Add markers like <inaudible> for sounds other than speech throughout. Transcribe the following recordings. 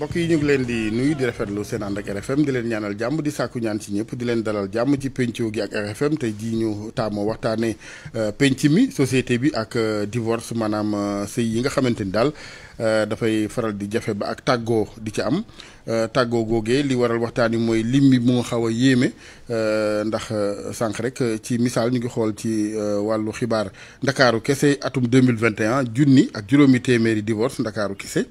bokk yi ñu ngi leen di nuyu di rafetlu seen ànd ak RFM di leen ñaanal jàmm di sàkku ñaan ci ñëpp di leen dalal jàmm ci penco gi ak RFM te jii ñu taamoo waxtaanee euh, penc mi societé bi ak euh, divorce maanaam euh, sëy yi nga xamante ni daal dafay faral di jafe ba ak tàggoo di ci am tàggoo googee li waral waxtaan wi mooy lim bi mu nga xaw a yéeme ndax sànq rek ci misaal ñu ngi xool ci wàllu xibaar ndakaaru kese atum 2021 junni ak juróomi téeméeri divorce ndakaaru kese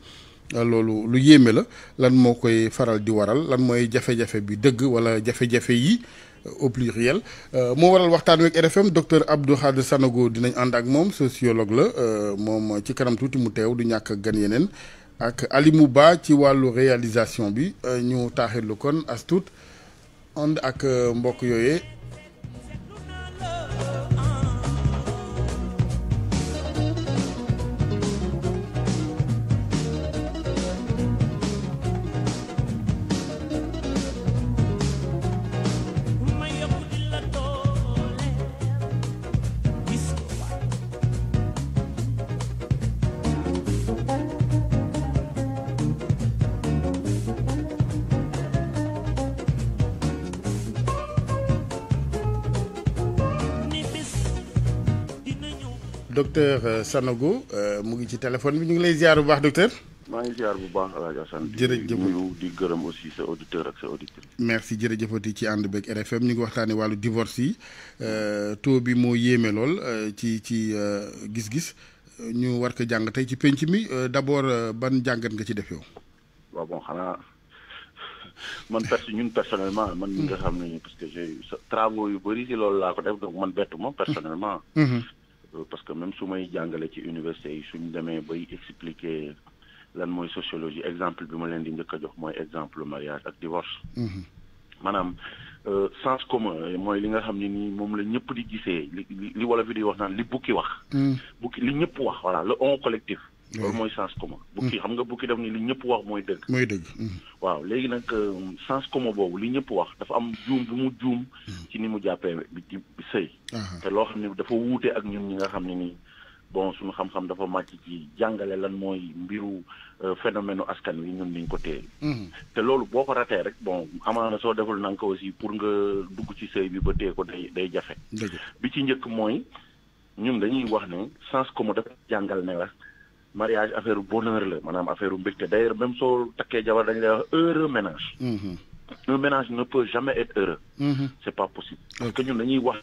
Euh, loolu lu yéeme la lan moo koy faral di waral lan jafe-jafe bi dëgg wala jafe yi euh, au pluriel euh, moo waral RFM docteur Abdou Sanogo dinañ sociologue la moom ci kanam tuuti mu du gan ak réalisation bi ñu kon ak docteur euh, Sanogo euh, mu ngi ci téléphone bi ñu ngi lay ziar bu baax docteur. maa ngi ziar bu baax El Hadj Assane. gërëm aussi sa ak sa auditrice. merci jërëjëfati ci ànd beeg RFM ñu ngi waxtaanee wàllu divorce yi euh, taux bi moo yéeme lool ci ci gis-gis ñu war ko jàng tey ci penc mi d'abord ban jàngat nga ci def yow. waaw bon xanaa man perso ñun personnellement man mi nga xam ne parce que j'ai yu bëri si loolu laa ko def man bettu ma mm-hmm. personnellement. Mm-hmm. Euh, parce que même si je suis ci université je suñu expliquer la sociologie exemple bi ma di exemple mariage divorce. Mm-hmm. Madame, euh, sens commun moi li nga je ne la voilà le collectif. loolu mooy sens commun. Mm. bukki xam nga bukki daf ni li ñëpp wax mooy dëgg. mooy dëgg. Mm. waaw léegi nag euh, sens commun boobu li ñëpp wax dafa am juum bu mu juum. Mm. ci ni mu jàppee bi ci sëy. te loo xam ne dafa wuute ak ñun ñi nga xam ne nii bon suñu xam dafa màcc ci jàngale lan mooy mbiru euh, phénomène askan wi ñun niñ ko téye. te loolu boo ko ratee rek bon amaana soo deful na ko aussi pour nga dugg ci sëy bi ba téye ko day day jafe. bi ci njëkk mooy ñun dañuy wax ne sens commun dafa jàngal ne la. mariage affaire bonheur la manam affaire mbégte d'ailleurs même so takkee jabar dañ lay wax heureux ménage mhm. un ménage ne peut jamais être heureux mhm. c'est pas possible parce que ñun dañuy wax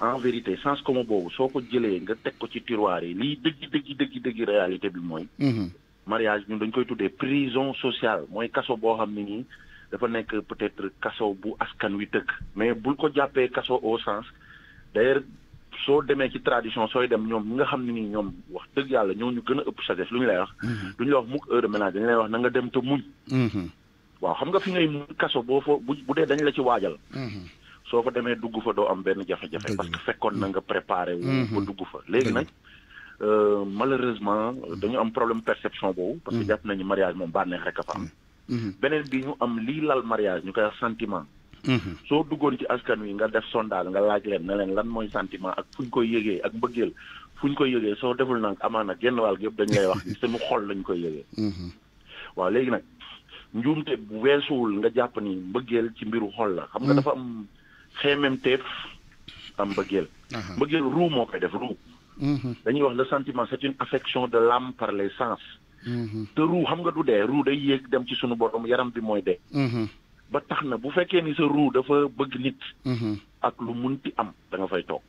en vérité sens commun bobu soko jëlé nga tek ko ci tiroir yi lii deug deug deug deug réalité bi mooy mhm. mariage ñun dañ koy tuddee prison sociale moy kasso bo xamni ni dafa nek peut-être kasso bu askan wi deug mais bu ko jappé kasso au sens d'ailleurs soo demee ci tradition sooy dem ñoom ñi nga xam ne nii ñoom wax dëgg yàlla ñoo ñu gën a ëpp sagesse lu ñu lay wax. Mm-hmm. du ñu la wax mukk heure de dañu lay wax na nga dem te mm-hmm. waaw xam nga fi ngay muñ kaso boo fa bu bu dee dañ la ci waajal. Mm-hmm. soo fa demee dugg fa doo am benn jafe-jafe. parce fekkoon na nga préparé. wu fa léegi nag. Euh, malheureusement dañu am problème perception boobu. parce que jàpp nañu mariage moom bànneex rek a fa am. beneen bi ñu am lii lal mariage ñu koy sentiment. Mhm. soo duggoon ci askan wi nga def sondal nga laaj leen ne leen lan mooy sentiment ak fu ñu koy yëgee ak mbëggeel fu ñu koy yëgee soo deful nag amaana genn wàll yëpp dañ lay wax ni sunu xol lañ koy yëgee. Mhm. waaw léegi nag njuumte bu weesuwul nga jàpp ni mbëggeel ci mbiru xol la. xam nga mhm. dafa am xeememteef am mbëggeel. mbëggeel ru moo koy def ruu. dañuy wax le sentiment c'est une affection de l'âme par les sens. te ruu xam nga du dee ruu day yéeg dem ci sunu borom yaram bi mooy dee. ba tax na bu fekkee ni sa ruu dafa bëgg nit. Mhm. ak lu munti am da nga fay toog.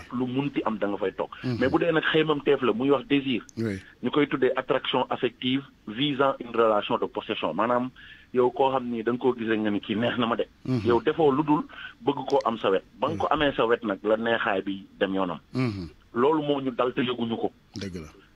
ak lu munti am danga fay toog. Mhm. mais bu dee nag xeymam teef la muy wax désir. ñu koy tuddee attraction affective visant une relation de possession maanaam yow koo xam ni da ko koo gis rek nga ni kii neex na ma de. Mhm. yow defoo lu dul bëgg koo am sa wet. ba nga ko amee sa wet nag la neexaay bi dem yoonam. loolu moo ñu dal te yëguñu ko. dëgg la.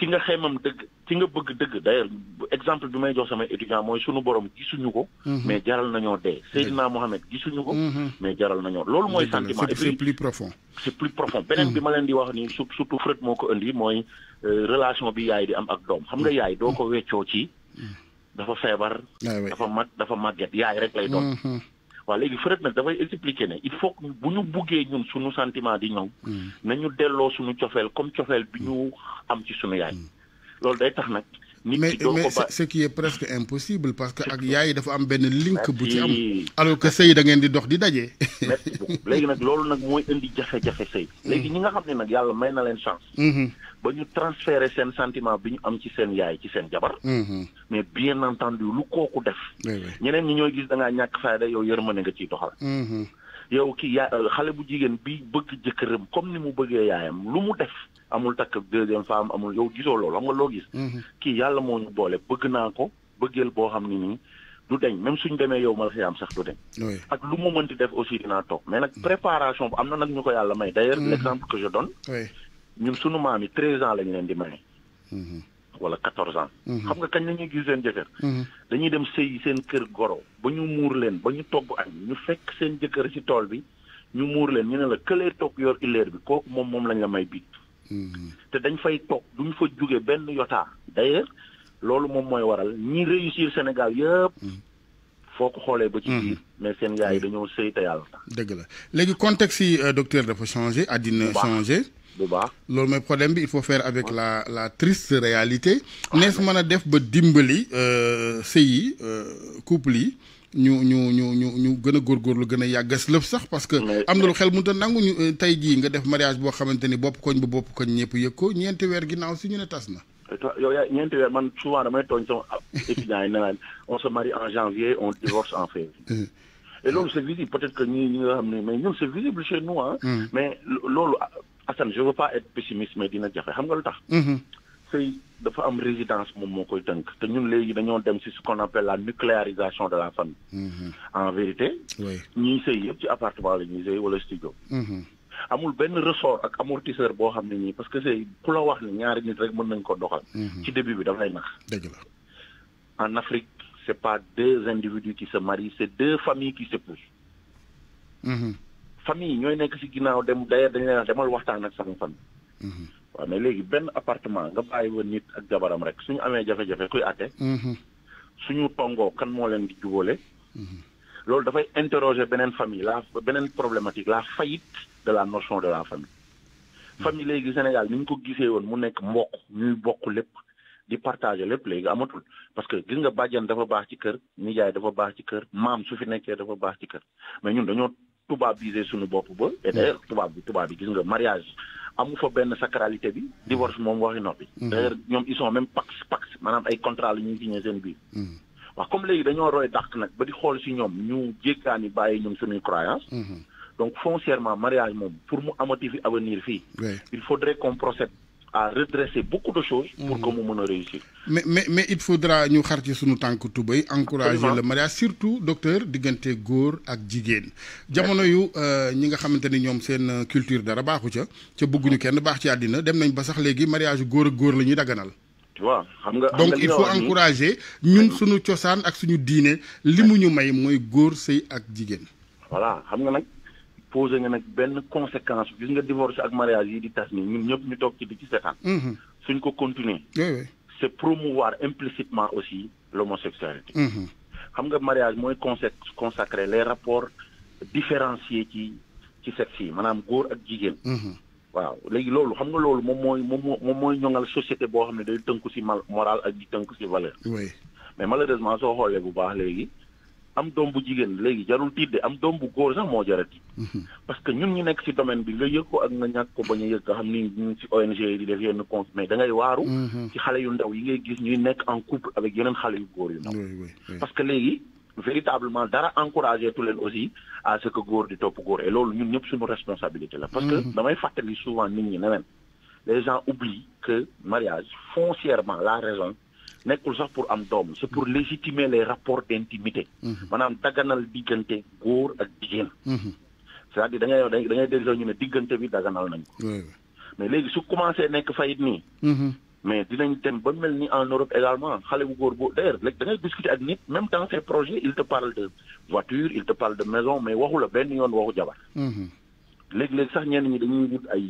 ci nga xeymam dëgg ci nga bëgg dëgg d'ailleurs exemple bi may jox samay étudiant mooy sunu borom gisuñu ko mhm. mais jaral nañoo dee Seydina Mohamed gisuñu ko mhm. mais jaral nañoo loolu mooy sentiment et puis c'est plus profond c'est plus profond beneen mhm. bi ma leen di wax ni surtout Freud moo ko indi mooy euh, relation bi yaay di am ak doom xam nga yaay doo mm. ko weccoo ci mm. dafa feebar ah dafa mag dafa màgget yaay rek lay doon waa léegi Fred nag dafay expliquer ne il faut que bu ñu buggee ñun suñu sentiment di ñëw mm. ñu delloo suñu cofeel comme cofeel bi ñu am ci suñu yaay mm. loolu day tax nag mais ce qui est presque impossible parce que ak yaay dafa am ben link bu alors que da ngeen di dox di <laughs> indi mm. ñi chance. Mm-hmm. ba transférer sentiment ñu am mm-hmm. mais bien entendu lu koku def. ñeneen ñi ñoy gis da fayda yow yow ki ya xale bu jigéen bi bëgg jëkkëram comme ni mu bëggee yaayam lu mu def amul takk deuxième femme amul yow gisoo loolu xam nga loo gis mhm. kii yàlla moo ñu boole bëgg naa ko bëggeel boo xam ni nii du deñ même suñ demee yow mal xiyaam sax du deñ ak lu mu mënti def aussi dinaa toog mais nag mhm. préparation bu am na nag ñu ko yàlla may d'ailleurs mhm. l'exemple que je donne ñun sunu maam yi treize ans la ñu leen di maye wala quatorze ans. Mhm. xam nga kañ la gis seen jëkkër. Mhm. dañuy dem sëy seen kër goro ba ñu muur leen ba ñu togg añ ñu fekk seen jëkkër ci tool bi ñu muur leen ñu ne la këlee toog yor illeer bi kooku moom moom lañ la may biit. Mhm. te dañ fay toog duñu fa jóge benn yotaa d'ailleurs loolu moom mooy waral ñi réussir Sénégal yëpp. boo ko xoolee ba ci biir. mais seen yaay dañoo sëy te yàlla. dégg la léegi contexte yi euh, docteur dafa changé àddina changé. bu baax loolu mooy problème bi il faut faire avec la la triste réalité. nees mën a def ba dimbali euh, sëy yi euh, couple yi ñu ñu ñu ñu ñu gën a góorgóorlu gën a yàgg lëf sax parce que. am na lu xel mënut a nangu ñu euh, tay jii nga def mariage boo xamante ni bopp koñ ba bopp koñ ñëpp yëg ko ñeenti weer ginnaaw si ñu ne tas na. yow yaa ñeenti weer man souvent damay tooñ sama étudiant yi ne naan on se marie en janvier on divorce en février. et loolu c'est visible peut-être que ñi ñi nga xam ne mais ñun c'est visible chez nous ah. mais loolu. Je je veux pas être pessimiste mais dina jafé xam nga lu tax. Mm-hmm. dafa am résidence mom moo koy tënk te ñun légui dañoo dem ci ce qu'on appelle la nucléarisation de la famille. Mm-hmm. en vérité. Oui. Ni c'est ci appartement la ñi sey wala studio. Mm-hmm. amul ben ressort ak amortisseur bo xamni ni parce que c'est. Pour la wax ni ñaar nit rek mën nañ ko doxal. ci début bi da fay nax. deug en Afrique c'est pas deux individus qui se marient c'est deux familles qui s'épousent. famille ñoy nekk si ginnaaw dem d'ailleurs dañ leen demal waxtaan ak sama famille. Mhm. waaw mais léegi benn appartement nga bàyyi woon nit ak jabaram rek suñu amee jafe-jafe kuy atte. Mhm. suñu tongo kan moo leen di jubóole. Mhm. loolu dafay interroger beneen famille la beneen problématique la faillite de la notion de la famille. famille léegi Sénégal ni ñu ko gisee woon mu nekk mbokk ñuy bokk lépp di partager lépp léegi amatul parce que gis nga bàjjan dafa baax ci kër nijaay dafa baax ci kër maam su fi nekkee dafa baax ci kër mais ñun dañoo tubaabiser suñu bopp ba et d'ailleurs tubaab bi tubaab bi gis nga mariage amu fa benn sacralité bi mm. divorce moom waxi noppi mm. d'ailleurs ñoom ils sont même pax pax maanaam ay contrat la ñuy signé seen biir mm. waaw comme léegi dañoo roy dàq nag ba di xool si ñoom ñu jéggaani bàyyi ñoom suñuy croyance mm-hmm. donc foncièrement mariage moom pour mu amati fi avenir fii il faudrait qu'on procède à redresser beaucoup de choses pour mmh. que nous a réussir. mais mais mais il faudra ñu xar ci sunu tànk tubéy encourager le mariage surtout docteur diganté góor ak jigéen. jamono yu euh, ñi nga xamante ñom ñoom seen euh, culture dara baaxu ca. ca ñu kenn bax ci adina dem nañ ba sax légui mariage gor ak gor lañuy ñuy daganal. xam nga donc il faut encourager ñun suñu cosaan ak suñu diiné limu ñu may moy gor sey ak jigéen. voilà xam nga nak posé nga nag benn conséquence gis nga divorce ak mariage yi di tas ni ñun ñëpp ñu toog ci di ci seetaan. Mhm. suñ ko continuer. c' est promouvoir implicitement aussi l'homosexualité mhm. xam nga mariage mooy consacrer les rapports différenciés ci ci sexe yi maanaam góor ak jigéen. Mhm. waaw léegi loolu xam nga loolu moom mooy moom mooy ñoŋal société boo xam ne day tënku si moral ak di tënku si valeur. mais malheureusement soo xoolee bu baax léegi am doom bu jigéen léegi jarul tiit am doom bu góor sax moo jar a tiit mhm. parce que ñun ñu nekk ci domaine bi nga yëg ko ak nga ñàkk ko bañ a yëg nga xam ni ñu ci ONG di def yenn compte mais da ngay waaru mhm. ci xale yu ndaw yi ngay gis ñuy nekk en couple avec yeneen xale yu góor yu ndaw parce que léegi véritablement dara encouragé tu leen aussi à ce que góor di topp góor et loolu ñun ñëpp suñu responsabilité la parce que mhm. damay fàttali souvent nit ñi ne les gens oublient que mariage foncièrement la raison nekul sax pour am doom c'est pour mm-hmm. légitimer les rapports d'intimité mm-hmm. maanaam daganal diggante góor ak jigéen mm-hmm. c'est-à-dire da ngay da ngay dégg ñu ne diggante bi daganal nañ ko mais léegi su commencé nekk fayit nii mais dinañ dem ba mel ni en Europe également xale bu góor bu d'ailleurs léegi da ngay discuter ak nit même temps ces projets il te parle de voiture il te parle de maison mais waxu la benn yoon waxu jabar léegi-léegi sax ñenn ñi dañuy wut ay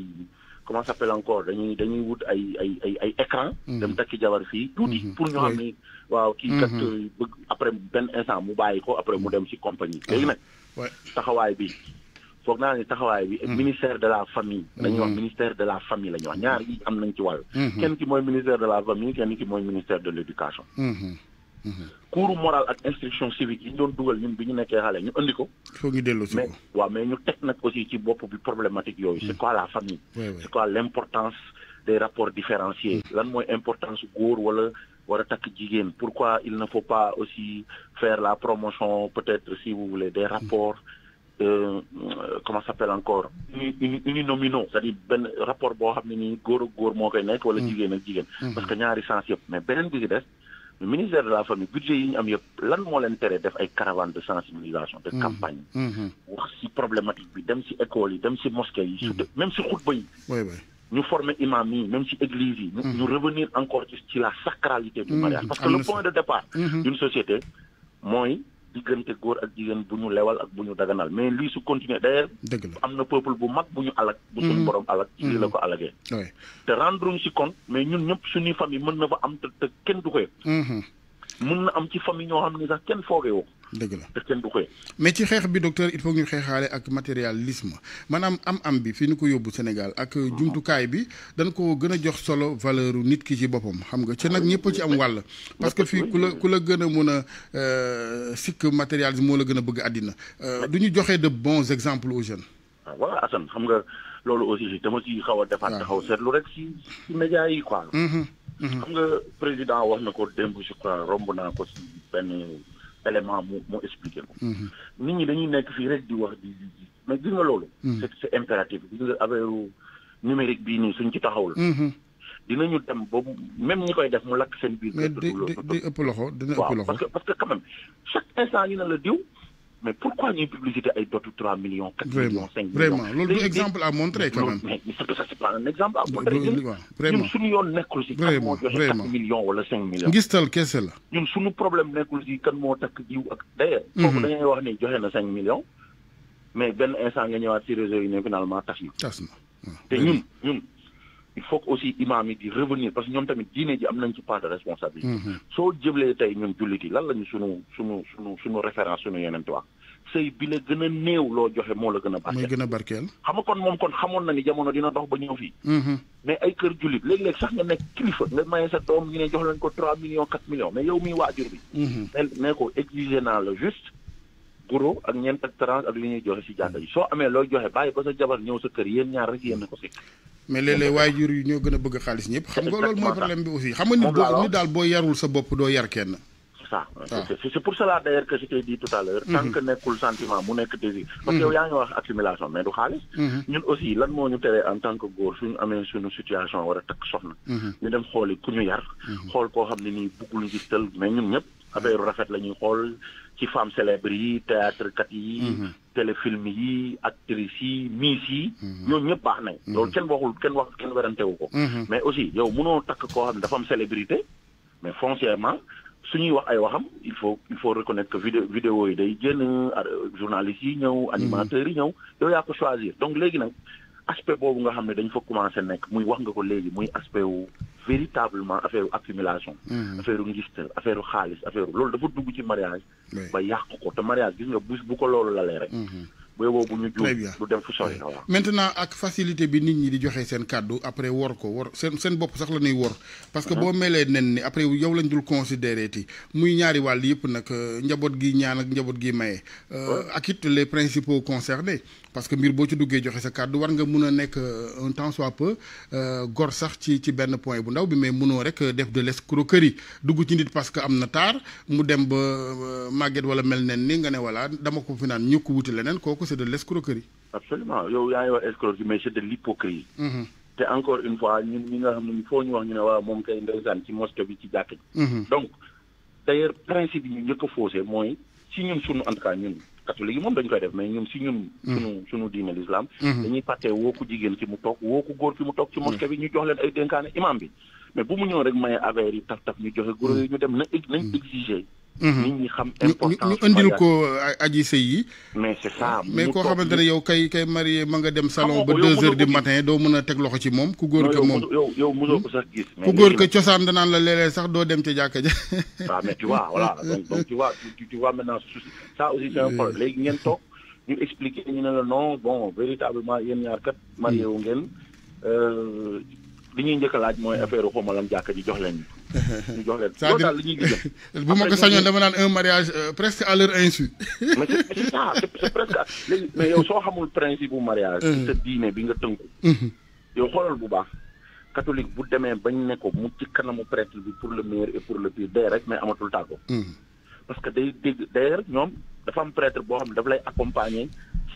comment ça s'appelle encore dañuy dañuy wut ay ay ay écran mm. dem takki jabar fii mm-hmm. tuuti pour ñu xam ni waaw kii kat mm-hmm. euh, bëgg après benn instant mu bàyyi ko après mu mm. dem ci compagnie léegi nag mm-hmm. taxawaay bi foog naa ne taxawaay bi ministère de la famille dañuy wax ministère de la famille la wax ñaar yi am nañ ci wàll kenn ki mooy ministère de la famille kenn ki mooy ministère de l'éducation cours mm-hmm. moral et instruction civique yi ñu doon dugal ñun bi ñu nekkee xale ñu andi ko. foog ñu mais waaw mais ñu teg aussi ci bopp bi problématique c'est mm. quoi la famille. c'est quoi l'importance des rapports différenciés. Mm. lan mooy importance góor wala war a takk pourquoi il ne faut pas aussi faire la promotion peut-être si vous voulez des rapports. Mm. Euh, euh, comment s'appelle encore uninominaux c'est-à-dire ben rapport boo xam ne nii góor ak góor moo koy nekk wala jigéen ak jigéen mm-hmm. parce que ñaari sens mais beneen bi ci des le ministère de la famille budget yi ñu am yëpp lan moo caravane de sensibilisation de mmh. campagne mmh. wax ci problématique bi dem ci école yi mosquée mmh. même si xutba yi ñu former imam même si église nous revenir encore sur la sacralité du mariage parce que le point de départ d'une société moi, diggante góor ak jigéen bu ñu lewal ak bu ñu daganal mais lii su continuer d'ailleurs dëgg la am na peuple bu mag bu ñu alak bu suñ mm-hmm. borom alak ci la mm-hmm. ko alagee te rendre si compte mais ñun ñëpp suñuy famille mën na fa am te kenn du ko mun na am ci famille ñoo xam ne sax kenn foogee woo. dëgg la te kenn du xëy. mais ci xeex bi docteur il faut ñu xeexaale ak matérialisme maanaam am-am bi fi ñu ko yóbbu Sénégal ak. Uh-huh. jumtukaay bi dañ ko gën a jox solo valeur nit ki ci boppam xam nga ci nag ñëpp ci am wàll. parce que fii ku la ku la gën a mun a euh, sikk matérialisme moo la gën a bëgg àddina. Euh, du ñu joxe de bon exemple aux jeunes. waaw ah, voilà Assane xam nga loolu aussi dama ci xaw a defaat. Ah. xaw seetlu rek ci ci xam mm-hmm. nga président wax na ko démb je crois romb naa ko si benn élément mu mu expliqué ko. Mm-hmm. nit ñi dañuy nekk fii rek di wax di di mais gis nga loolu. Mm-hmm. c'est c'est impératif gis nga affaire numérique bii nii suñ ci taxawul. dinañu dem boobu même ñi koy def mu lakk seen biir. mais di di ëpp loxo dina ëpp loxo waaw parce que parce que quand même chaque instant ñu ne la diw mais pourquoi ñuy publicité ay dotu 3 millions 4 millions 5 millions vraiment loolu exemple à montrer quand même mais c'est ça c'est pas un exemple à montrer ñun suñu yoon nekkul si kan moo joxe 4 millions wala 5 millions ngistal kese la ñun suñu problème nekkul si kan moo takk jiw ak d'ailleurs mhm. foofu dañuy wax ni joxe na 5 millions mais Ben, instant nga ñëwaat si réseau finalement tas na tas na te ñun ñun il faut que aussi imam yi di revenir parce que ñoom tamit diine ji am nañ ci part de responsabilité. Mhm. soo jëblee tey ñun jullit yi lan la ñu sunu sunu sunu sunu référence sunu yeneen wax sëy bi la gën a néew loo joxe moo la gën a barkeel. moo kon moom kon xamoon na ni jamono dina dox ba ñëw fii. Mhm. mais ay kër jullit léeg-léeg sax nga nekk kilifa nga maye sa doom ñu ne jox leen ko trois millions quatre millions mais yow miy waajur bi. ne mhm. ko exiger naa guro ak ñeent ak trans ak li ñuy joxe si jàkka yi soo amee looy joxe bàyyi ba sa jabar ñëw sa kër yéen ñaar rek yéen ko si mais léeg-léeg waajur ñoo gën a bëgg xaalis ah. mhm. mhm. mhm. ñun aussi lan moo ñu teree en tant que góor suñu amee suñu situation war a takk soxna ñu dem xooli ku ñu yar xool koo xam ne nii buggul ngistal mais ñun ñëpp affaire rafet la xol ci femmes célèbres yi théâtre kat yi. Mhm. téléfilm yi actrice yi miss yi. Mhm. ñoo ñëpp baax nañ. Mhm. loolu kenn waxul kenn wax kenn wu ko. mais aussi yow mëno tak ko xam dafa am célébrité mais foncièrement suñuy wax ay waxam il faut il faut reconnaître que vidéo vidéo yi day génn journaliste yi ñëw animateur yi ñëw yow ya ko choisir donc légui nak aspect boobu nga xam ne dañ fa commencé nekk muy wax nga ko léegi muy aspect wu véritablement affaire accumulation mm-hmm. affaire ngiste affaire xaalis affaire loolu dafa dugg ci mariage ba yàq ko te mariage gis nga bu bu ko loolu lalee rek mm-hmm. très bien maintenant ak facilité bi nit ñi di joxe seen kàddu après wor ko wor seen seen bopp sax la ñuy wor parce que mm-hmm. boo melee nen ni après yow lañ dul considéré ti muy ñaari wàll yëpp nag euh, njaboot gi ñaan ak njaboot gi maye euh, ak it les principaux concernés parce que mbir bo ci duggé joxé sa kàddu war nga mëna nek euh, un temps soit peu euh gor sax ci ci ben point bu ndaw bi mais mëno rek euh, def de l'escroquerie duggu ci nit parce que amna tar mu dem ba euh, màgget wala mel nen ni nga né wala dama ko fi naan ñëkk wuti lenen koku c'est de l'escroquerie. absolument yow yaa ngi escroquerie mais c'est de l'hypocrisie. -hmm. té encore une fois ñun ñi nga xamni fo ñu wax ñu né wa mom kay ndeysaan ci mosquée bi ci jàkk -hmm. donc d'ailleurs principe yi ñu njëkk a faussé mooy si ñun sunu en tout cas ñun. catholique yi moom dañ koy def mais ñun si ñun hmm. sunu suñu diine l'islam hmm. dañuy fàttee woo ku jigéen ki mu toog woo ku góor ki mu toog ci hmm. mosquée bi ñu jox leen ay dénkaane imam bi mais bu mu ñëw rek maye affaire yi taf taf ñu joxe guro yi ñu dem na nañ exiger Mm-hmm. nit ñi xam importance ñu indil ko euh, aji sëy yi. mais c'est saa mais koo xamante ne yow kay kay marié ma nga dem salon ba deux heures du matin doo mën a teg loxo ci moom ku góor ka yow yow mënoo ko sax gis. góor ka cosaan danaan la léeg sax doo dem ca jàkka ja. waaw ah, mais tu vois voilà donc donc tu vois tu tu vois maintenant léegi ngeen toog ñu expliquer ñu ne la non bon véritablement yéen ñaar kat. marié ngeen euh, li ñuy njëkk laaj mooy affaire xaw ma lan ji jox leen. <laughs> ñu jox leen loolu daal la ñuy liggéey. <laughs> bu ma ko sañoon dama naan un mariage euh, presque à leur insu. <laughs> mais c'est ça c'est presque léegi mais yow soo xamul principe bu mariage. Euh. sa diine bi nga tënku. Mhm. yow xoolal bu baax. catholique bu demee bañ ne ko mu ci kanamu prêtre bi pour le meilleur et pour le pire day rek mais amatul tàggoo. Mhm. parce que day dégg d'ailleurs ñoom dafa am prêtre boo xam ne daf lay accompagner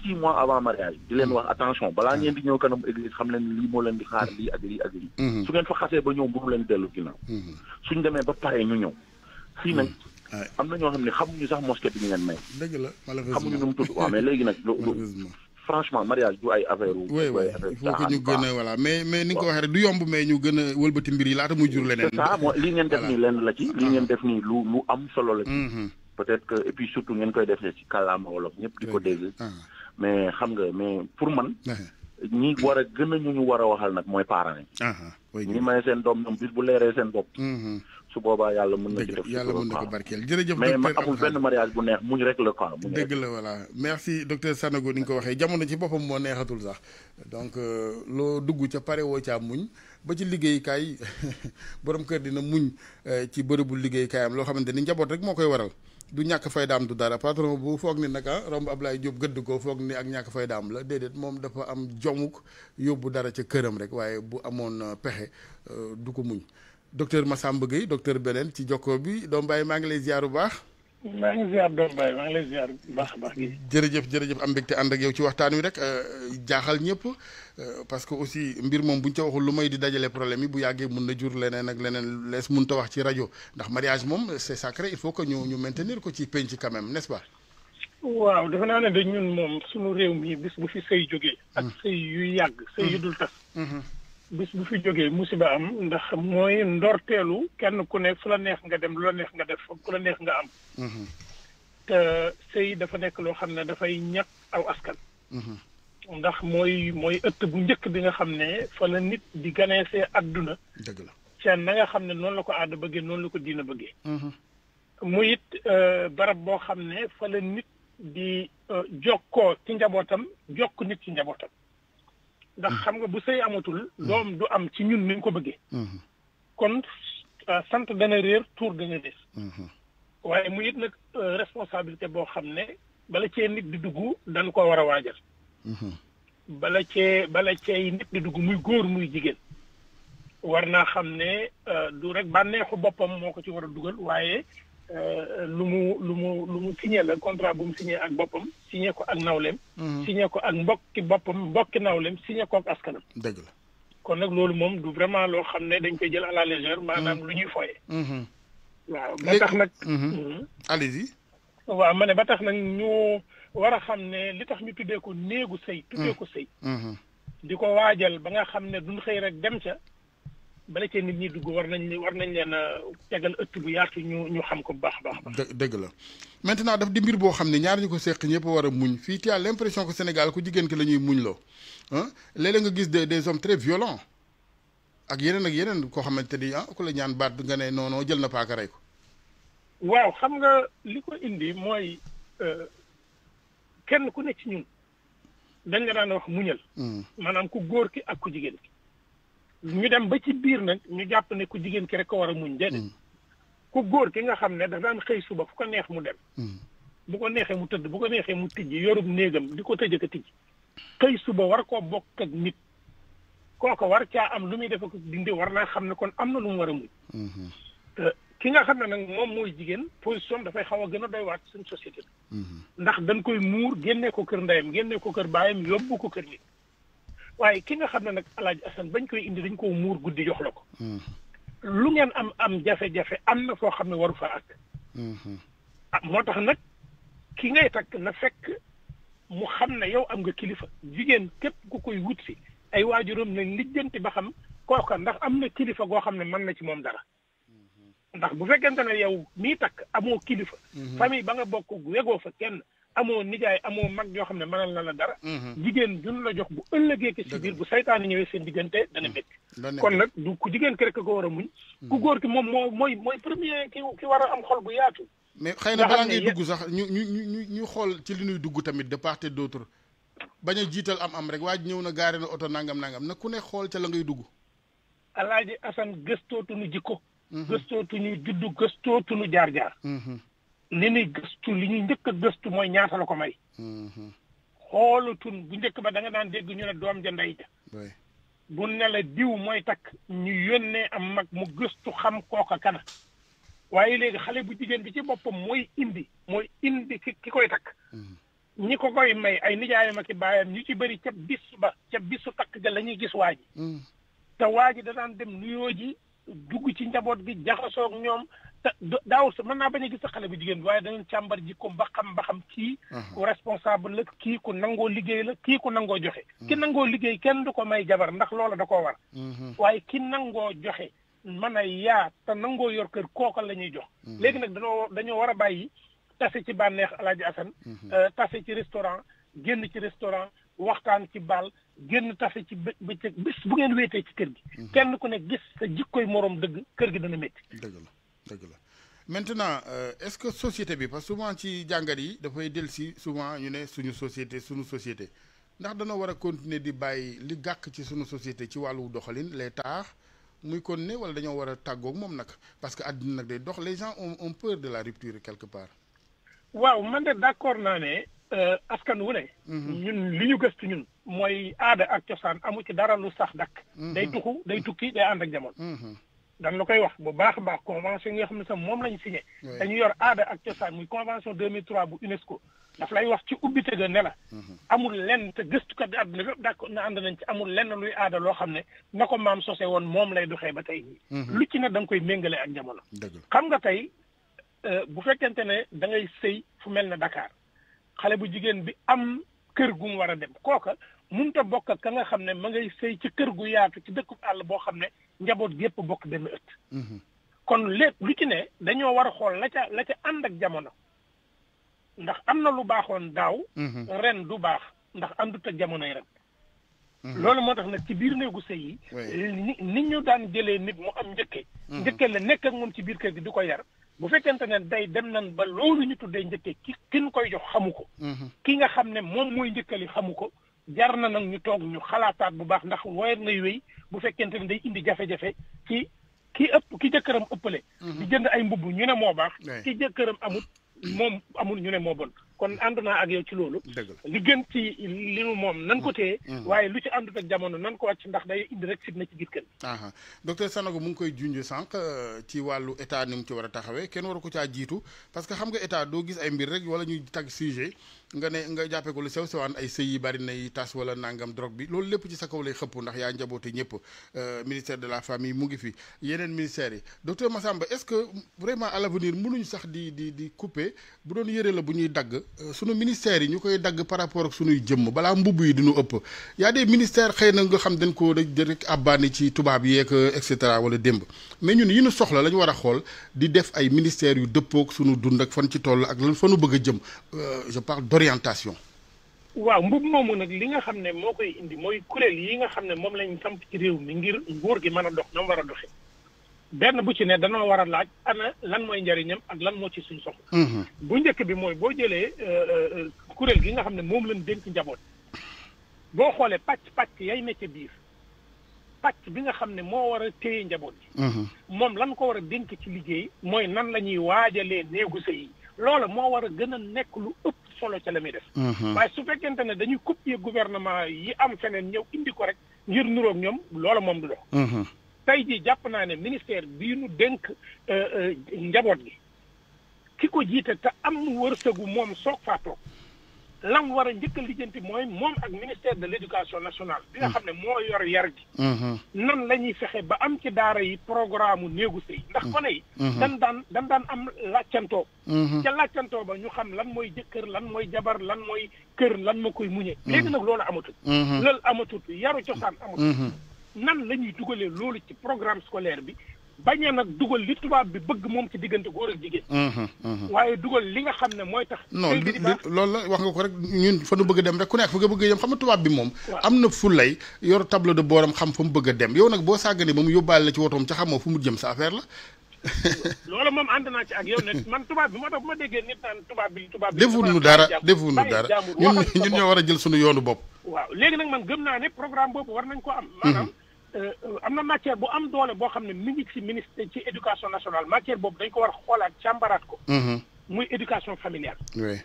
six mois avant mariage di leen hmm. wax attention balaa hmm. ngeen di ñëw kanam église xam leen lii moo leen di xaar lii ak lii hmm. su ngeen fa xasee ba ñëw bu leen dellu ginnaaw. suñ demee ba pare ñu ñëw. fii nag am na ñoo xam ne xamuñu sax mosquée bi ñu leen may. dëgg la malheureusement xamuñu nu mu tudd waaw mais léegi nag. franchement mariage du ay affaire wu. oui oui ñu gën a voilà mais mais ni nga ko waxee rek du yomb mais ñu gën a wëlbati mbir yi laata muy jur leneen. c'est ça mooy li ngeen def nii lenn la ci. li ngeen ah. def nii lu lu am solo la ci. peut-être que et puis surtout ngeen ñëpp di ko dégg. Ah. mais xam nga mais pour man. Ah. ñi war a gën a ñu ñu war a waxal nag mooy parents yi. Ah, ah. ñi may seen doom ñoom bis bu leeree seen bopp. Mm-hmm. su boobaa yàlla mën na ci def yàlla mën na ko barkeel jërëjëf mais amul benn mariage bu neex muñ rek la quoi dëgg la voilà merci docteur Sanogo ni nga ko waxee jamono ci boppam moo neexatul sax donc euh, loo dugg ca pare woo caa muñ ba ci liggéeykaay <laughs> borom kër dina muñ euh, ci bërëbu liggéeykaayam loo xamante ni njaboot rek moo koy waral du ñàkk faydaam du dara patron bu foog ni nag ah, romb Ablaye Diop gëdd ko foog ni ak ñàkk faydaam la déedéet moom dafa am jomuk yóbbu dara ca këram rek waaye bu amoon euh, pexe euh, du ko muñ docteur Massamba Gueye docteur beneen ci jokkoo bi doom bàyyi maa ngi lay ziar bu baax. maa ngi ziar doom a jërëjëf jërëjëf am mbégte ànd ak ci waxtaan wi rek euh, jaaxal ñëpp euh, parce que aussi mbir moom bu ñu ca waxul lu may di dajale problème yi bu yàggee mun na jur leneen ak leneen lees mun wax ci rajo ndax mariage moom c'est sacré il faut que ñu ñu maintenir ko ci penc quand même n'est-ce pas. waaw dafa naa ne dañ ñun moom suñu réew mi bis bu fi sëy jógee. ak hmm. sëy yu yàgg sëy hmm. yu dul tas. Hmm. bis bu fi jógee musiba am ndax mooy ndorteelu kenn ku ne fu la neex nga dem lu la neex nga def ku la neex nga am. Mm-hmm. te sëy dafa nekk loo xam ne dafay ñàkk aw askan. Mm-hmm. ndax mooy mooy ëtt bu njëkk bi nga xam ne fa la nit di ganeesee adduna dëgg la seen na nga xam ne noonu la ko aada bëggee noonu la ko diina bëggee. Mm-hmm. muy it euh, barab boo xam ne fa la nit di euh, jokkoo ci njabootam jokk nit ci njabootam. ndax xam nga bu sëy amatul. Mm-hmm. doom du am ci ñun ni ñu ko bëggee. Mm-hmm. kon euh, sant dana réer tuur dana des. Mm-hmm. waaye mu it nag euh, responsabilité boo xam ne bala cee nit di dugg dañ ko war a waajal. bala cee bala cee nit di dugg muy góor muy jigéen. war naa xam ne euh, du rek bànneexu boppam moo ko ci war a dugal waaye Euh, lu mu lu mu lu mu signé la contrat bu mu signé ak boppam signé ko ak nawleem. Mhm. signé ko ak mbokki boppam mbokki nawleem signé ko ak askanam. dëgg la kon nag loolu moom du vraiment loo xam ne dañ koy jël à la légère. maanaam mhm. lu ñuy foyee. Mhm. waaw ba tax nag. allez-y. waaw ma ne ba tax nag ñu war a xam ne li tax ñu tuddee ko néegu sëy. tuddee ko sëy. di ko waajal ba nga xam ne duñ xëy rek dem ca. bala cee nit ñi dugg war nañ war nañ leen tegal ëtt bu yaatu ñu ñu xam ko bu baax baax baax dëgg la maintenant daf di mbir boo xam ne ñaar ñu ko seq ñëpp war a muñ fii tu as l'impression ko Sénégal ku jigéen ki la ñuy muñ loo ah nga gis de des hommes très violents ak yeneen ak yeneen koo xamante ni ah ku la ñaan baat nga ne non jël na paaka rey ko waaw xam nga li ko indi mooy euh, kenn ku nekk ñun dañ la daan wax muñal hmm. maanaam ku góor ki ak ku jigéen ki ñu dem ba ci biir nag ñu jàpp ne ku jigéen ki rek ko war a muñ mm. déedéet ku góor ki nga xam ne dafa daan xëy suba fu ko neex mu dem mm. bu ko neexee mu tëdd bu ko neexee mu tijji yorub néegam di ko tëj ak a xëy suba war koo bokk ak nit kooko war caa am lu muy def ak war naa xam ne kon am na lu mu war a muñ mm-hmm. ki nga xam ne nag moom mooy jigéen position dafay xaw a gën a doy waat suñ société bi mm-hmm. ndax dañ koy muur génnee ko kër ndeyam génnee ko kër baayam yóbbu ko kër nit waaye ki nga xam ne nag El Hadj Assane bañ koy indi dañ koo muur guddi jox la ko. Hmm. lu ngeen am am jafe-jafe am na foo xam ne waru fa hmm. ak ah, moo tax nag ki ngay takk na fekk mu xam ne yow am nga kilifa jigéen képp ku koy wut si ay waajuram nañ lijjanti ba xam kooka ndax am na kilifa goo xam ne mën na ci moom dara. Hmm. ndax bu fekkente ne yow mii takk amoo kilifa. famille ba nga bokk wegoo fa kenn amoo nijaay amoo mag yoo xam ne mënal na la dara. Mhm. jigéen nu la jox bu ëllëgee ki si biir bu saytaanu ñëwee seen diggante mhm. dana métti. kon nag du ku jigéen ki rek ko war a muñ. Mhm. ku góor ki moom moo mooy mooy premier ki ki war a am xol bu yaatu. mais xëy na balaa ngay dugg sax ñu ñu ñu ñu ñu xool ci li ñuy dugg tamit de part et bañ a jiital am-am rek waa ji ñëw na gaare na oto nangam nangam na ku ne xool ca la ngay dugg. Alaaji Asan gëstootuñu jikko. gëstootuñu juddu gëstootuñu jaar jaar. li ñuy gëstu li ñu njëkk a gëstu mooy ñaata la ko may. Mm-hmm. xoolatun bu njëkk ba danga nga daan dégg ñu ne doom ja ndey ja. bu ne diw mooy takk ñu yónnee am mag mu gëstu xam kooka kana. waaye léegi xale bu jigéen bi ci boppam mooy indi mooy indi ki koy takk. Mm-hmm. ñi ko koy may ay nijaayam ak i baayam ñu ci bari ca bis ba ca bisu takk ga lañuy gis waa mm-hmm. te waa da daan dem nuyoo dugg ci njaboot gi jaxasoo ñoom te daaw sa mën naa bañ a gis sa xale bu jigéen bi waaye danañ càmbar jikkoom ba xam ba xam kii. ku responsable la kii ku nangoo liggéey la kii ku nangoo joxe. Hmm. ki nangoo liggéey kenn du ko may jabar ndax loola da ko war. Hmm. waaye ki nangoo joxe man a yaa te nangoo yor kër kooka la ñuy jox. Hmm. léegi nag dañoo dañoo war a bàyyi tase ci bànneex El Hadj Assane. Euh, tase ci restaurant génn ci restaurant waxtaan ci baal. génn tase ci bë bëccëg bis bu ngeen wéetee ci kër gi. Mhm. kenn ku ne gis sa jikkoy morom dëgg kër gi dana métti. dëgg la dëgg la maintenant euh, est-ce que société bi parce souvent ci jàngat yi dafay del si souvent ñu ne suñu société suñu société ndax dana war a continuer di bàyyi li gàkk ci suñu société ci wàllu doxalin les taax muy continuer wala dañoo war a tàggoog moom nag parce que àddina nag day dox les gens ont ont peur de la rupture quelque part. waaw man de d'accord naa ne euh, askan wu ne. Mhm. ñun li ñu gëstu ñun. mooy aada ak cosaan amu ci dara lu sax dakk mm-hmm. day tuxu day tukki day ànd ak jamono. Mm-hmm. dañ la koy wax bu baax a baax convention yi nga xam ne sax moom lañ signé. dañu yor aada ak cosaan muy convention 2003 bu UNESCO. Mm-hmm. daf lay wax ci ubbite ga ne la. amul lenn te gëstukat di àdduna fépp d'accord na nañ ci amul lenn luy aada loo xam ne na ko maam sose woon moom lay doxee ba tey jii. lu ci ne danga koy méngale ak jamono. xam nga tey euh, bu fekkente ne da ngay sëy fu mel ne Dakar xale bu jigéen bi am kër gu war a dem kooka mënut a bokk ak ka nga xam ne ma ngay sëy ci kër gu yaatu ci dëkku àll boo xam ne njaboot gépp bokk dem ëtt. Mhm. kon lépp lu ci ne dañoo war a xool la ca la ca ànd ak jamono ndax am na lu baaxoon daaw. Mhm. ren du baax ndax àndut teg jamonoy ren. Mhm. loolu moo tax nag ci biir néegu sëy yi. ni ni ñu daan jëlee nit mu am njëkke. njëkke la nekk ak moom ci biir kër gi du ko yar. bu fekkente ne day dem nan ba loolu ñu tuddee njëkke ki kin koy jox xamu ko. ki nga xam ne moom mooy njëkkali xamu ko. jar na nag ñu toog ñu xalaataat bu baax ndax weer nay wéy bu fekkente ni day indi jafe-jafe ci ki ëpp ki jëkkëram ëppale. Mhm. di jënd ay mbubb ñu ne moo baax. ki jëkkëram amut moom amul ñu ne moo bon kon ànd naa ak yow ci loolu. li gën ci li mu moom nan ko mm. téye. Mm. waaye lu ci àndut na jamono nan ko wàcc ndax day indi rek sit na ci biir kër. docteur Sanogo mu ngi koy junj sànq euh, ci wàllu état ni mu ci war a taxawee kenn waru ko caa jiitu parce que xam nga état doo gis ay mbir rek wala ñuy tag nga ne nga jappé ko lu sew sewaan ay sey yi bari nay tas wala nangam drogue bi lolou lepp ci sa kaw lay xep ndax ya yaa njaboote euh ministère de la famille mu ngi fi yenen ministère yi docteur Massamba est-ce que vraiment à l'avenir mënuñ sax di di di couper bu doon yéré la bu ñuy dagg euh, suñu ministère yi ñukoy koy dagg par rapport ak sunuy jëm bala mbubb yi diñu ëpp y a des ministères xeyna nga xam dañ ko rek abani ci tubaab yeeg et cetera wala demb mais ñun yi ñu soxla la wara xol di def ay ministère yu deppok suñu dund ak fan ci toll ak lan fa nu bëgg a jëm euh, je parle d'orientation. waaw mbub moomu nag li nga xam ne moo koy indi mooy kuréel yi nga xam ne moom lañ samp ci réew mi ngir nguur gi mën a dox ñoom war a doxee benn bu ci ne danoo war a laaj ana lan mooy njariñam ak lan moo ci suñ soxla. Mhm. bu njëkk bi mooy boo jëlee euh, euh, euh, kuréel gi nga xam ne moom lañ dénk njaboot boo xoolee pàcc pàcc yay ne ca biir pàcc bi nga xam ne moo war a téye njaboot ji. Mhm. moom lan ko war a dénk ci liggéey mooy nan la ñuy waajalee néegu sëy yi nekk solo ca la muy def. Mhm. waaye su fekkente ne dañuy copier gouvernement yi am feneen ñëw indi ko rek ngir nuroog ñoom loola moom du dox. Mhm. tey jii jàpp naa ne ministère bii nu dénk euh, euh, njaboot gi ki ko jiite te am wërsëgu moom soog faa toog. lam war a njëkk a lijjanti mooy moom ak ministère de l' éducation nationale. bi nga xam ne moo yor yar gi. Mhm. nan la ñuy fexe ba am ci daara yi programme mu néegu sëy ndax gone yi. Mhm. Mhm. dan daan dan daan am laajtantoo. ca laajtantoo ba ñu xam lan mooy jëkkër lan mooy jabar lan mooy kër lan ma koy muñe léegi nag loolu amatul. loolu amatul yaru cosaan amatul. nan lañuy ñuy dugalee loolu ci programme scolaire bi. bañ a nag dugal li tubaab bi bëgg moom ci diggante góor ak jigéen. Mhm, mhm. waaye dugal li nga xam ne mooy tax. non li loolu la wax nga ko rek ñun fa nu bëgg dem rek ku nekk fa nga bëgg a yem tubaab bi moom. am na fu lay yor tableau de booram xam fa mu bëgg dem yow nag boo sàgganee ba mu yóbbaale la ci wotoom ca xamoo fu mu jëm sa affaire la. <laughs> loolu moom ànd naa ci ak yow ne man tubaab bi moo tax bu ma déggee nit naan tubaab bi tubaab bi. defuñu nu dara defuñu nu dara ñun ñoo war a jël suñu yoonu bopp. waaw léegi nag man gëm naa ne programme boobu war nañ ko am mhm. Euh, am na matière bu am doole boo xam ne mi ngi ci ministère ci éducation nationale matière boobu dañ ko war a xoolaat càmbaraat ko. Mhm. muy éducation familiale. oui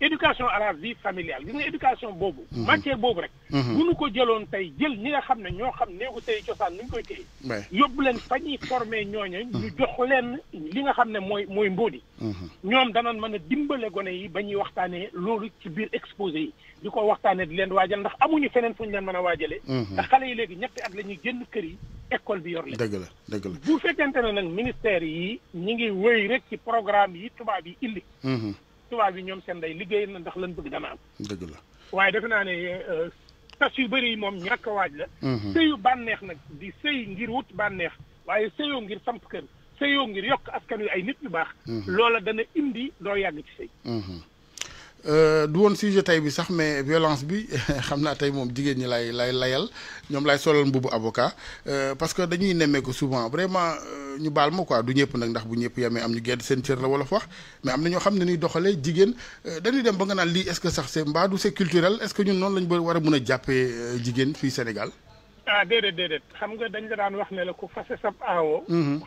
éducation à la vie familiale gis nga éducation boobu. Mhm. matière boobu rek. Mhm. bu nu ko jëloon tey jël ñi nga xam ne ñoo xam ne ko néegu tey cosaan nu ñu koy téye. yóbbu leen fa ñuy formé ñooñu. ñu jox leen li nga xam ne mooy mooy mbóodi. ñoom danañ mën a dimbale gone yi ba ñuy waxtaanee loolu ci biir exposé yi. di ko waxtaanee di leen waajal ndax amuñu feneen fu ñu leen mën a waajalee. Mhm. ndax xale yi léegi ñetti ak la ñuy génn kër yi école bi yor leen. dëgg la dëgg bu fekkente ne nag ministère yi ñu ngi wéy rek ci programme yi tubaab yi indi. Mhm. tubaab yi ñoom seen day liggéey na ndax lañu bëgg dana am. dëgg la waaye defe naa ne euh, tas yu bëri yi moom ñàkk waaj la. Mhm. sëyu bànneex nag di sëy ngir wut bànneex waaye sëyoo ngir samp kër sëyoo ngir yokk askan wi ay nit yu baax. loola dana indi doo yàgg ci sëy Euh, du woon sujet tey bi sax mais violence bi <laughs> xam naa tey moom jigéen ñi lay lay layal ñoom lay solal mbubu avocat euh, parce que dañuy nemmeeku souvent vraiment euh, ñu baal moo quoi du ñëpp nag ndax bu ñëpp yemee am ñu gedd seen cër la wala wax mais am na ñoo xam ne ñuy doxalee jigéen dañuy dem ba nga naan lii est-ce que sax c'est mbaa du c'est culturel est-ce que ñun noonu ba war a mën a jàppee jigéen fii Sénégal. Ah, déedéet déedéet xam nga dañ la daan wax ne la ku fase sab aawo. Mhm. ku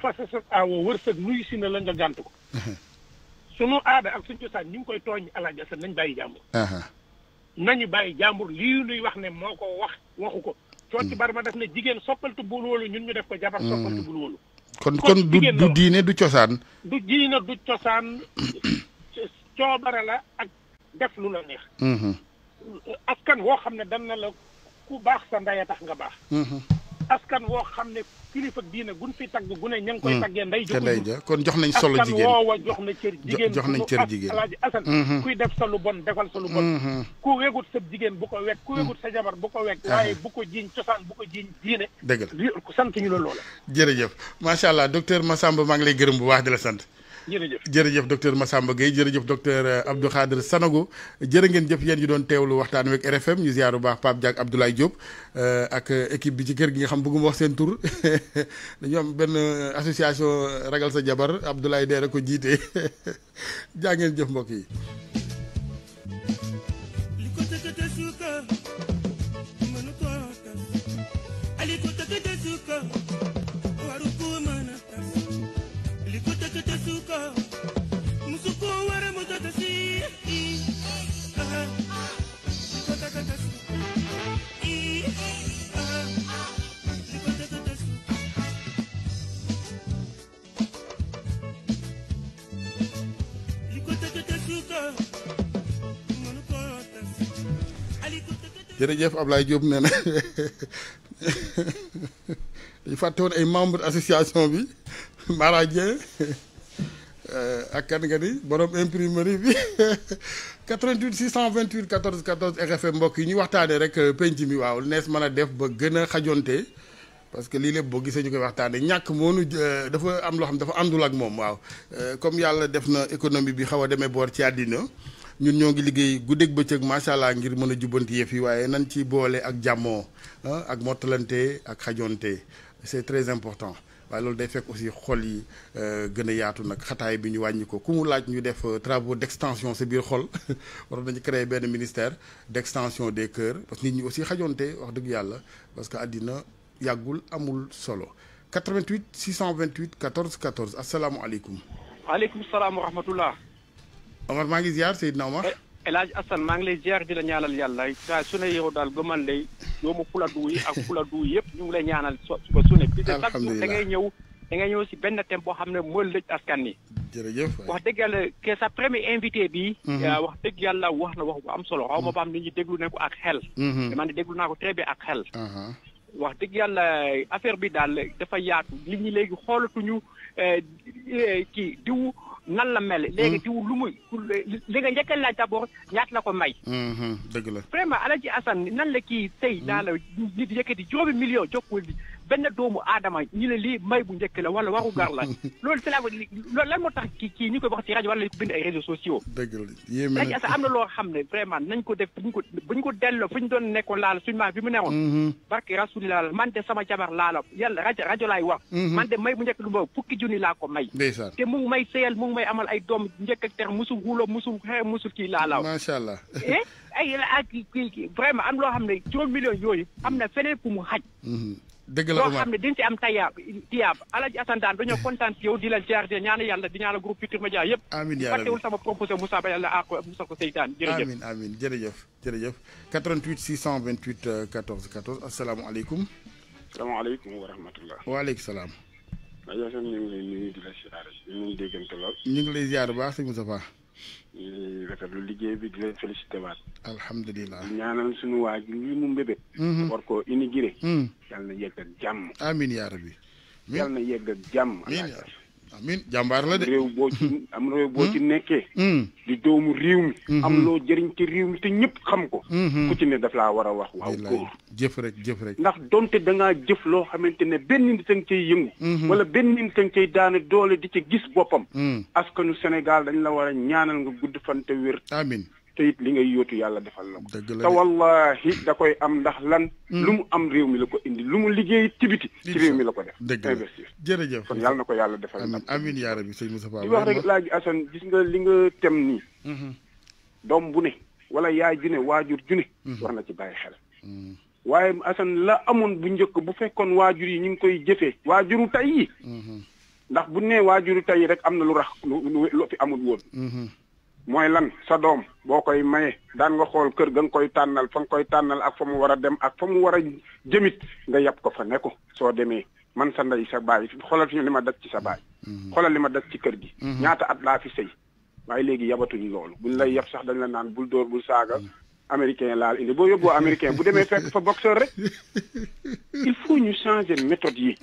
sunu aada ak suñ cosaan ñu ngi koy tooñ Alaaji Asan nañ bàyyi jàmbur. nañu bàyyi jàmbur lii nuy wax ne moo ko wax waxu ko. coo ci ma mm. def na jigéen soppaltu bul wóolu ñun ñu def ko jabar mm. soppaltu bul wóolu. kon kon du du diine du cosaan. du diine du cosaan <coughs> coobara la ak def lu la neex. Mm-hmm. askan woo xam ne dan na la ku baax sa ndey a tax nga baax. Mm-hmm. askan woo xam ne kilifa diine gun fi tagg gune ne ña ngi koy mm. taggee nday ja kon jox nañ solo jigéen askan woowa jox na cër jigéen jox nañ cër jigéen alaaji asan mm-hmm. kuy def sa lu bon defal sa lu bon mm-hmm. ku wegut sa jigéen bu ko wekk ku wegut sa jabar bu ko wekk ah. waaye bu ko jiiñ cosaan bu ko jiiñ diine dëgg la sant ñu la loola jërëjëf macha allah docteur masamba maa ngi lay gërëm bu baax di la sant jërëjëf jërëjëf docteur Massamba Gueye jërëjëf docteur euh, Abdou Khader Sanogo jërë ngeen jëf yéen ñu doon teewlu waxtaan wi ak RFM ñu ziar bu baax Pape Diak Abdoulaye Diop euh, ak euh, équipe bi ci kër gi nga xam bëgguma wax seen tur <laughs> dañu am benn association ragal sa jabar Abdoulaye Dere ko jiite <laughs> jaa ngeen jëf mbokk yi. jërëjëf Ablaye Diop nee na dañu fàtte woon ay membre association bi Mara Dieng euh, ak kan nga ni borom imprimerie bi 88 628 14 14 RFM mbokk yi ñuy waxtaanee rek euh, penc mi waaw nees man a def ba gën a xajonte parce que lii lépp boo gisee ñu koy waxtaanee ñàkk moonu euh, dafa am loo xam dafa àndul ak moom waaw comme yàlla def na économie bi xaw a demee boor ci àddina ñun ñoo ngi liggéey guddeeg bëccëg macha allah ngir mëna a jubbanti yi waaye nañ ci bolé ak jàmmoo ah, ak mottalante ak xajonte c'est très important waaye loolu day fekk aussi xol yi euh, gën a yaatu nag xataay bi ñu wàññi ko ku mu laaj ñu def euh, travaux d'extension sa biir xol <laughs> waroon nañu créer benn ministère d'extension des cœurs parce que nit ñi aussi xajonte wax dëgg yàlla parce que àddina yàggul amul solo 88 628 14 14 asalaamualeykum. waaleykum salaam wa rahmatullah Omar maa ngi ziar Seydina Omar. El Hadj maa ngi lay ziar di la ñaanal yàlla saa su ne yow daal ba man lay doomu fuladu yi ak fuladu yëpp ñu ngi lay ñaanal suba su ne. alhamdulilah parce que da ngay ñëw da ngay ñëw si benn thème boo xam ne mooy lëj askan wi. jërëjëf wax dëgg yàlla que sa invité bi. Mhm. wax dëgg yàlla wax na wax bu am solo xaw ma mhm. ba am ñu ñi déglu nañ ko ak xel. Mhm. man de déglu naa ko très bien ak xel. Uh-huh. wax dëgg yàlla affaire bi daal dafa yaatu nit ñi léegi xoolatuñu eh, eh, kii diw. nan la mel. léegi mm. diw lu muy li nga njëkk a laaj d'abord ñaat la ko may. Mm-hmm. dëgg la vraiment Alaaji Assane nan la kii tey naa mm. la nit yëkkati juróomi million jokkoo bi benn doomu aadama ñu ne lii may bu njëkk la wala waru gar la <laughs> loolu cela veut dire loolu lan moo tax kii kii ñu koy wax ci rajo wala ko bind ay réseaux sociaux dëgg na loo xam ne vraiment nañ ko def bu ñu ko bu ñu ko delloo fu ñu doon nekkoon mu newoon mm-hmm. barke rasulillah la man de sama jabar laa la yàlla rajo rajo laay wax mm-hmm. man de may bu njëkk lu ma fukki junni laa ko may te mu ngi may seyal mu ngi may amal ay doom njëkk ak ter musul wulo musul xeer musul kii laa la macha allah eh? ay ki kii vraiment am loo xam ne juróom million yooyu am na feneen fu mu xaj mm-hmm. dëgg la loo xam ne dañ ci am tayaab tiyaab alaji asandaan dañoo kontaan si yow di la GRD ñaana yàlla di ñaana groupe Futurs Médias yëpp amiin yàlla fàttewul sama proposé Moussa Ba yàlla aako Moussa ko seytaan jërëjëf amiin amiin jërëjëf jërëjëf 88 628 14 14 asalaamaaleykum salaamaaleykum wa rahmatullah waaleykum salaam ñu ngi lay nuyu di la siyaare ñu ngi ñu ngi lay ziar bu baax sëñ Moussa di rafetlu liggéey bi di leen félicité waat. alhamdulilah ñaanal suñu waaj lii mu mbébét. Mhm. war koo inigiré. Mhm. yàlla na yegg ak jàmm. yaa rabbi. yàlla na yegg ak jàmm. amin jàmbaar la de réew boo ci hmm. am réew boo ci hmm. nekkee. Hmm. di doomu réew mi. am loo jëriñ ci réew mi te ñëpp xam ko. ku ci ne daf laa war a wax waaw góor. jëf rek jëf rek. ndax donte da ngaa jëf loo xamante ne benn nit a ngi yëngu. wala benn nit a daane doole di ci gis boppam. askanu Sénégal dañ la war a ñaanal nga gudd fan te wér. amin te li ngay yóotu yàlla defal la ko te wallahi da koy am ndax lan hmm. lu mu am réew mi la ko indi lu mu liggéey tibiti ci réew mi la ko def investir jërëjëf kon yàlla na ko yàlla defal amiin amiin yaa rabbi sëñ Moussa Fall di wax gis nga li nga tem nii mm-hmm. doom bu ne wala yaay ju waajur ju mm-hmm. wax na ci bàyyi xel mm. waaye Assane la amoon bu njëkk bu fekkoon waajur yi ñu ngi koy jëfee waajuru tey mm-hmm. ndax bu ne waajuru tey rek am na lu rax lu fi amul woon mooy lan sa doom boo koy maye daan nga xool kër ga nga koy tànnal fa nga koy tànnal ak fa mu war a dem ak fa mu war a jëmit nga yàpp ko fa ne soo demee man sa ndey sa baay xoolal fi li ma daj ci sa baay. Mhm. xoolal li ma daj ci kër gi. Mhm. ñaata at laa fi sëy waaye léegi yabatuñu loolu buñ lay yab sax dañ la naan bul dóor bul saaga. Mhm. américain laal indi boo yóbboo américain bu demee fekk fa boxeur rek <laughs> il faut ñu changer méthode yi.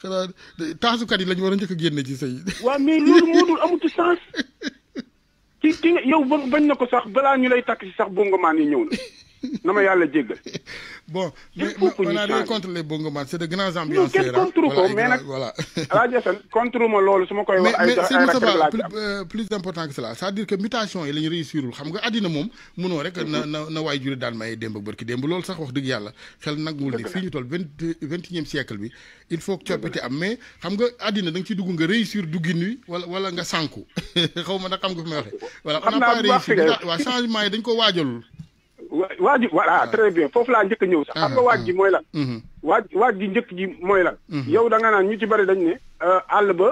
xanaa taasukat yi lañu war a njëkk génne ci sëy. waaw mais loolu moo <laughs> ki ki yow bañ na ko sax balaa ñu lay takk si sax bongomaan yi ñëw na. nama ma yàlla jéggal. <laughs> bon mais on a rien contre les bongoman c'est de grands ambianceurs. Hein. contre ko mais nag voilà. rajo <laughs> Sane contre ma loolu su ma koy wax. ay ay mais euh, plus important que cela c'est-à-dire que mutation yi la ñu réussirul xam nga adina moom munoo rek. na na na waay juri daan may démb barki démb loolu sax wax dëgg yàlla xel nagul ni fii ñu toll vingt vingt unième siècle bi. il faut que coppite am mais xam nga adina da nga ci dugg nga réussir duggin wi wala wala nga sànku <laughs> xaw ma nag xam nga fi may waxee. voilà on n'a pas réussi waaw changement yi dañ ko waajalul waa waaj voilà ah, ah. très bien foofu laa njëkk a ñëw sax xam nga ah. waaj gi mooy lan mm-hmm. Mm-hmm. waaj waaj gi njëkk ji mooy lan mm-hmm. yow da naan ñu ci bari dañ ne euh, àll ba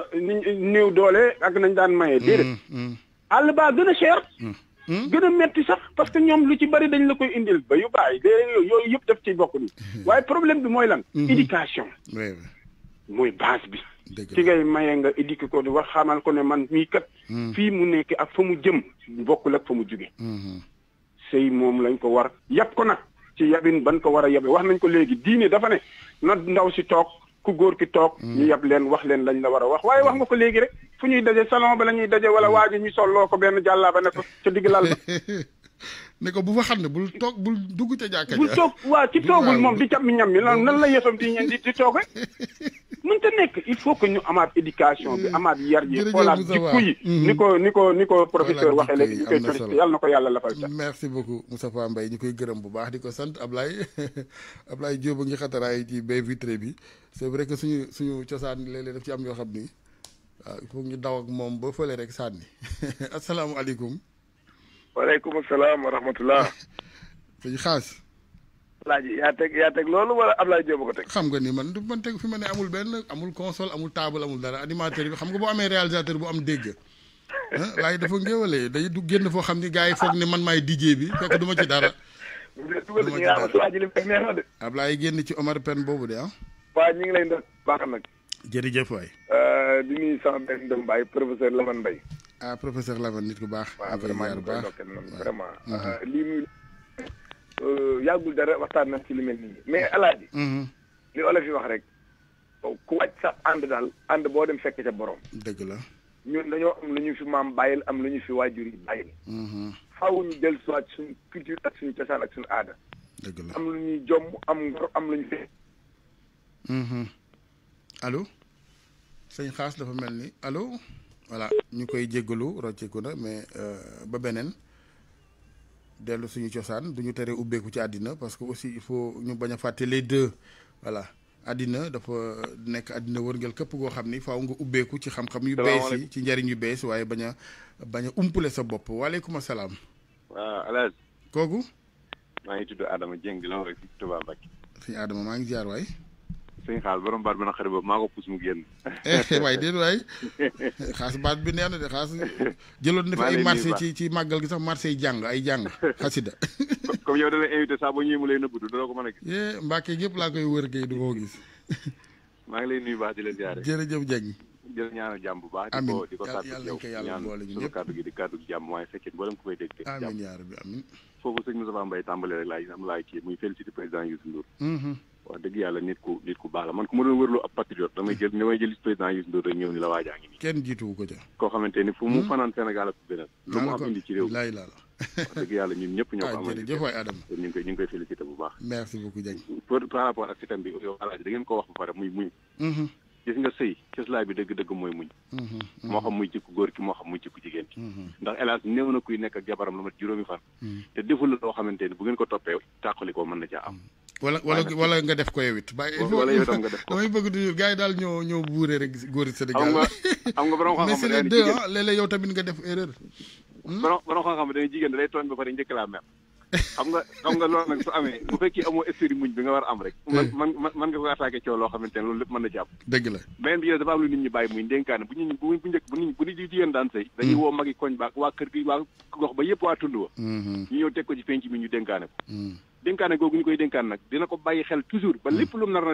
néew doole ak nañ daan maye déedéet àll baa gën a cher gën a metti sax parce que ñoom lu ci bari dañ la koy indil ba yu bàyyi léeg yooyu yëpp daf ciy bokk ni waaye problème bi mooy lan éducation mooy base bi ki ngay maye nga éduqué ko di wax xamal ko ne man mii kat fii mu nekk ak fa mu jëm bokkul ak fa mu jóge sëy moom lañ ko war yab ko nag ci yabin ban ko war a yabe wax nañ ko léegi diine dafa ne na ndaw si toog ku góor ki toog mm. ñu yab leen wax leen lañ la war a wax waaye wax nga ko léegi rek fu ñuy daje salon ba la ñuy daje wala mm. waa ji ñu solloo ko benn jàllaa ko ca digg lal ba <laughs> ne ko bu fa xam ne bul toog bul dugg ca jàkka bul toog waa ci <laughs> toogul moom di cab mi ñam mi la nan la yëfam di ñeen di di toog <laughs> il faut que ñu amaat éducation bi hmm. amaat yar yi xoolaat jikko yi hmm. ni ko ni ko ni ko professeur waxee léegi ci koy ci yalla nako yalla la lafal ca merci beaucoup Moustapha Mbaye ñu koy gërëm bu baax diko sante sant Ablaye <laughs> Ablaye Diop a ngi xataraay ci bay vitré bi c'est vrai que suñu suñu cosaan léeg-léeg daf ci am yo xam ni il faut ñu daw ak mom ba feulé rek assalamu sànni wa <laughs> waaleykum assalam wa rahmatullah suñu <laughs> xaas Laaji yaa teg yaa teg loolu wala Ablaye Diop ko teg. xam nga ni man du man teg fi ma ne amul benn amul console amul table amul dara animateur bi xam nga boo amee réalisateur bu am dégg ah, waaye dafa ngéwalee day du génn foo xam ni gaa yi foog ne man maay DJ bi fekk du ma ci dara. <laughs> du ma ci dara de. Ablaye génn ci Omar Pène boobu de ah. ñu ngi lay def baax nag. jërëjëf waay. Euh, di nuyu sama benn doomu baay professeur Lamane Mbaye. ah professeur Lamane nit ku baax. waaw vraiment ñu ngi koy dokkee noonu vraiment mm-hmm. euh, lii muy. Euh, yàggul dara waxtaan nañ ci lu mel nii mais mm-hmm. alaaji mm-hmm. li olof yi wax rek ku wàcc sa ànd daal ànd boo dem fekk ca borom dëgg la ñun dañoo am lu ñu fi maam bàyyil am lu ñu fi waajur yi bàyyil mm-hmm. faaw ñu dellu siwaat suñu culture ak suñu cosaan ak suñu aada dëgg la am lu ñuy jomm am ngor am lañu ñu fi allo sëñ xaas dafa mel ni allo voilà ñu koy jéggalu rocceeku na mais euh, ba beneen dellu suñu cosaan du ñu tere ubbeeku ci àddina parce que aussi foo ñu bañ a fàtte les deux voilà àddina dafa nekk àddina wërngël képp koo xam ni faw nga ubbeeku ci xam-xam yu bees yi ci njariñ yu bees waaye baña a bañ a umpale sa bopp waaleykum asalaam. waaw kooku. maa ngi tudd Adama Dieng la rek Touba Mbacké. suñu aadama maa ngi ziar waay. sëñ xaas borom baat bi na xarit boobu maa ko puus mu génn. Eh, waaye déedéet waay xaas baat bi neex na de xaas jëloon na fi ay marché ci ci màggal gi sax marché yi jàng ay jàng xasida <laughs> comme yow dana invité saa ba ñëwee mu lay ko a gis. yee eh, Mbacke ñëpp laa koy wër kay du ko gis. maa ngi lay nuyu baax di leen jaare jërëjëf Diagne. jërëjëf ñaanal jàmm bu baax. amiin di ko yàlla ko yàlla boole ñu ñëpp di ko kàddu gi di kàddu gi jàmm waaye fekkee mboolem ku koy dégg. amiin rek laay am laa kii muy félicité président Youssou Ndour mm-hmm. wax dëgg yàlla nit ku nit ku baax la man ku ma doon wërloo ab patriote damay jël damay jël président Youssou Ndour rek ñëw ni la waajaa ngi kenn jiituwu ko ca. koo xamante fu mu hmm? fanaan Sénégal ak beneen. lu mu am indi ci réew mi laay la dëgg yàlla ñun ñëpp ñoo ko <laughs> amal. jërëjëf waay Adama ñu ngi koy ñu bu baax. merci beaucoup Diagne. par rapport ak système bi yow Alaaji da ko wax ba pare muy muy. Hmm, hmm. gis nga sëy cëslaay bi dëgg-dëgg mooy muñ mhm, mhm. moo xam mu jikko góor ki moo xam muy jikko jigéen ki mhm. ndax hélas néew na kuy nekk ak jabaram lu mat juróomi fan te deful loo xamante ni bu ngeen ko toppee tàqali ko mën na caa am wala wala wala nga def ko yow it bàyyi wala nga def ko damay bëgg toujours gars yi daal ñoo ñoo buuree rek góor yi Sénégal am nga am nga borom xam ah, yow tamit nga def erreur hmm? borom borom xam-xam dañuy jigéen da lay tooñ ba pare njëkk laa mer xam nga xam nga loolu nag su amee bu fekkee amoo esprit muñ bi nga war a am rek. Hmm. man man nga ko attaqué coow loo xamante ne loolu lépp mën na jàpp. dëgg la beneen bi am lu nit ñi bàyyi muy ndénkaane bu ñu bu bu njëkk bu nit bu nit jigéen daan sëy. Hmm. Hmm. ko ci penc mi ñu dénkaane ko. dénkaane googu ñu koy dénkaan nag dina ko ne ah na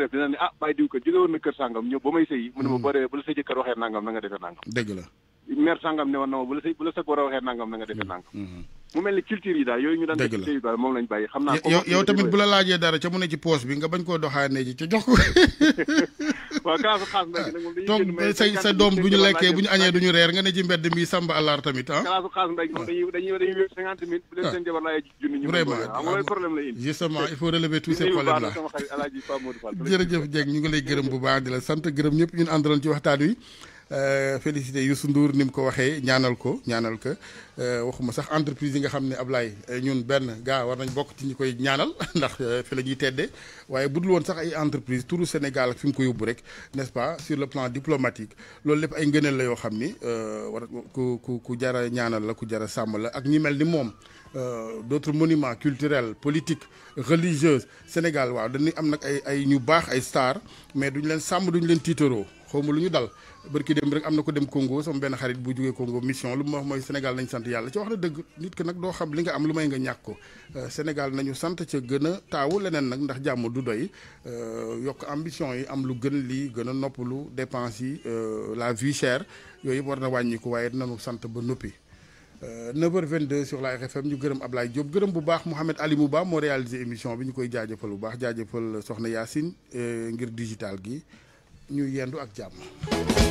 kër bu la sa waxee nangam na war a waxee nangam na nga nangam mu mel ni culture yi daal yooyu ñu daan def culture yi daal moom lañ bàyyi xam naa yow yow tamit bu la laajee dara ca mu ne ci poos bi nga bañ koo doxaanee ci ca jox ko <laughs> waaw kaasu xaas mbay nag moom dañuy say sa doom du ñu lekkee bu ñu añee du ñu reer nga ne ji mbedd mi sàmb àllaar tamit ah kaasu xaas mbay moom dañuy dañuy dañuy wér cinquante mille bu leen ah. seen jabar laajee ci junni ñu vraiment xam ah, nga problème la indi justement il faut relever tous <laughs> ces problèmes là <laughs> jërëjëf Dieng ñu ngi lay gërëm bu baax di la sant gërëm ñëpp ñun àndaloon ci waxtaan wi Euh, félicité Youssou Ndour ni mu ko waxee ñaanal ko ñaanal ko euh, waxuma sax entreprise yi nga xam ne Ablaye euh, ñun benn gaa war nañ bokk ci ñu koy ñaanal <laughs> ndax fi la ñuy teddee waaye dul woon sax ay entreprise tour Sénégal ak fi mu ko yóbbu rek n'est-ce pas sur le plan diplomatique loolu lépp ay ngëneel la yoo xam ni war ku ku ku jara ñaanal la ku jara sàmm la ak ñi mel ni moom d'autres monuments culturels politique religieux Sénégal waaw dañuy am nag ay ay ñu baax ay star mais duñ leen sàmm duñ leen tiitaroo xawma lu ñu dal bërki dem rek am na ko dem Congo sama benn xarit bu jógee Congo mission lu mu mooy Sénégal nañ sant yàlla ci wax na dëgg nit ki nag doo xam li nga am lu may nga ñàkk ko euh, Sénégal nañu sant ca gën a taawu leneen nag ndax jàmm du doy euh, yokk ambition yi am lu gën lii gën a noppalu dépense yi euh, la vie chère yooyu yëpp war na wàññi ko waaye dinañu sant ba noppi. 9h22 sur la RFM ñu gërëm Ablaye Diop gërëm bu baax Mouhamed Ali Mouba moo réalisé émission bi ñu koy jaajëfal bu baax jaajëfal soxna Yacine ngir digital gi ñu yendu ak jàmm.